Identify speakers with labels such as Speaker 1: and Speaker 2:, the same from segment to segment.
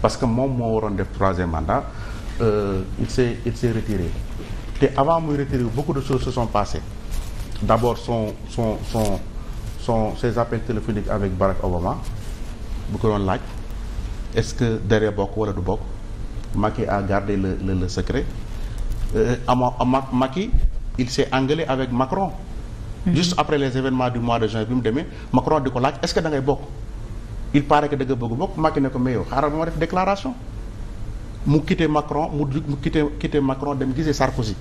Speaker 1: parce que moom moo waroon def troisième mandat euh, il s'est il s'est retiré te avant muy retiré beaucoup de choses se sont passées d'abord son son son son ses appels téléphoniques avec Barack Obama bu ko doon laaj est-ce que derrière bokk wala du bokk Macky a gardé la le, le secret euh, ama Macky il s'est engueulé avec Macron mm-hmm. juste après les événements du mois de juin bi mu demee Macron di ko laaj est-ce que da bokk il paraît que da nga bëgg bokk Macky ne ko mais yow xaaral moo def déclaration mu quitté Macron mu mu quitté quitté Macron dem gisee Sarkozy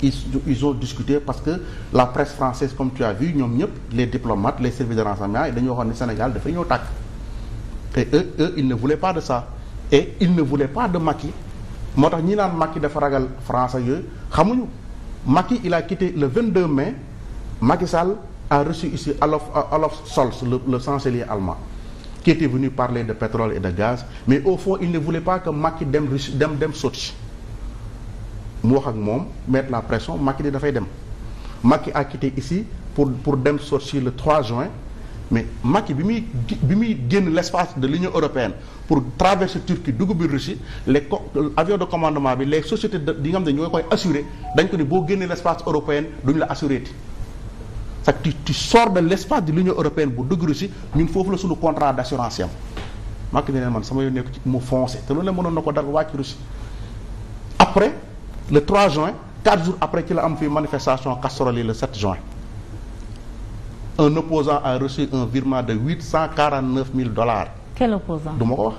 Speaker 1: ils ils ont discuté parce que la presse française comme tu as vu ñoom ñëpp les diplomates les services de renseignement dañu waxoon ni Sénégal dafay ñëw tàkk te eux eux ils ne voulaient pas de ça et ils ne voulaient pas de Macky moo tax ñi naan Macky dafa ragal France yooyu xamuñu Macky il a quitté le 22 mai Macky Sall a reçu ici Olof Olof Scholz le le chancelier allemand. qui était venu parler de pétrole et de gaz mais au fond il ne voulait pas que Macky dem dem dem Sotchi mu wax ak moom mettre la pression Macky di dafay dem Macky a quitté ici pour pour dem Sotchi le trois juin mais Macky bi muy bi muy génn l'espace de l'Union européenne pour traverser Turquie dugg biir Russie les avions de commandement bi les sociétés yi nga xam ne ñoo koy assurer dañ ko ni boo génnee l'espace européen duñu la assurer ti ça tu tu sors de l' espace de l' union européenne bu dugg Russie ñun foofu la suñu contrat d' assurance yam mak ne leen man sama yoon nekk ci mu foncé te loolu la mënoon na ko dara wàcc Russie après le trois juin 4 jours après ci la am fii manifestation casserole yi le 7 juin un opposant a reçu un virement de 849 000 dollars. quel opposant du ma ko wax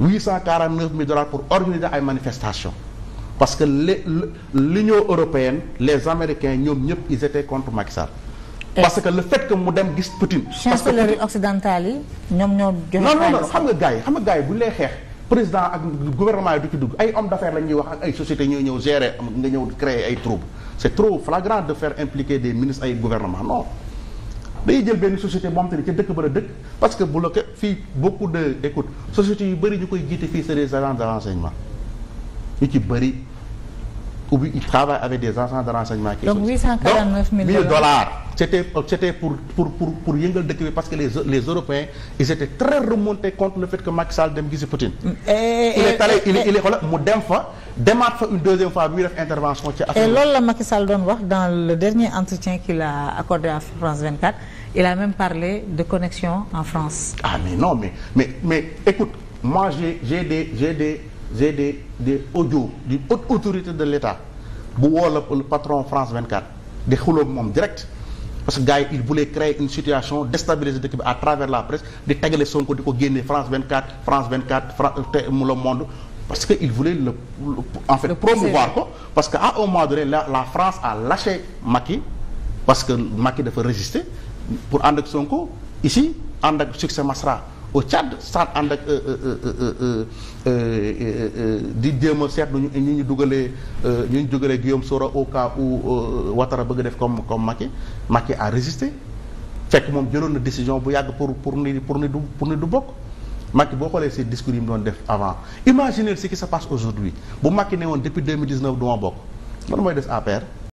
Speaker 1: 849 000 dollars pour organiser ay manifestations. parce que les l'Union européenne les Américains ñoom ñëpp ils étaient contre Macky Sall parce que le fait que mu dem gis Poutine. parce que chancellerie occidentale yi ñoom ñoo. joxe nga gars yi xam nga gars yi bu ñu lay xeex président ak gouvernement yi ci dugg ay hommes d'affaires la ñuy wax ak ay sociétés ñoo ñëw gérer ñëw créer ay troubles. c'est trop flagrant de faire impliquer des ministres ay day jël benn société boo xam te ba la parce que bu fii beaucoup de écoute sociétés yu bëri ñu koy jiite fii c'est des agents de renseignement ñu ci bëri. ou bien ils avec des agents donc 849 dollars donc 1000 euh, pour pour pour pour yëngal dëkk parce que les Européens ils étaient très remontés contre le fait que Macky dem gisi Poutine. Mm. il est allé il est il est xoolal mu dem fa demaat fa une deuxième fois muy intervention. ci affaire et la Macky Sall doon dans le dernier entretien qu'il a accordé à France 24 il a même parlé de connexion en France. ah mais non j'ai des des audios d'une haute autorité de l'État bu woo la le patron France 24 di xuloog moom direct parce que gars yi il voulait créer une situation déstabiliser dëkk bi à travers la presse di tegale Sonko di ko génne France 24 France 24 Fra euh, te mu le monde parce que il voulait le en fait promouvoir ko parce que à un moment donné la la France a lâché Macky parce que Macky dafa résister pour ànd ak Sonko ici ànd ak succès Masra au Tchad sans ànd ak euh, euh, euh, di jéem a seet ñu ñu ñu dugalee ñu ñu dugalee Guillaume Soro au cas où Ouattara bëgg def comme comme Macky Macky a résisté fekk moom jëloon na décision bu yàgg pour pour ni pour ni du pour ni du bokk Macky boo xoolee ces discours yi mu doon def avant imaginez ce qui se passe aujourd'hui bu Macky ne woon depuis 2019 du ma bokk man mooy des APR